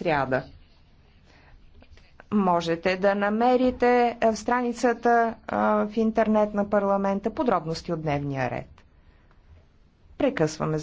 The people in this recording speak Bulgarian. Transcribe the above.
сряда. Можете да намерите в страницата в интернет на парламента подробности от дневния ред. Прекъсваме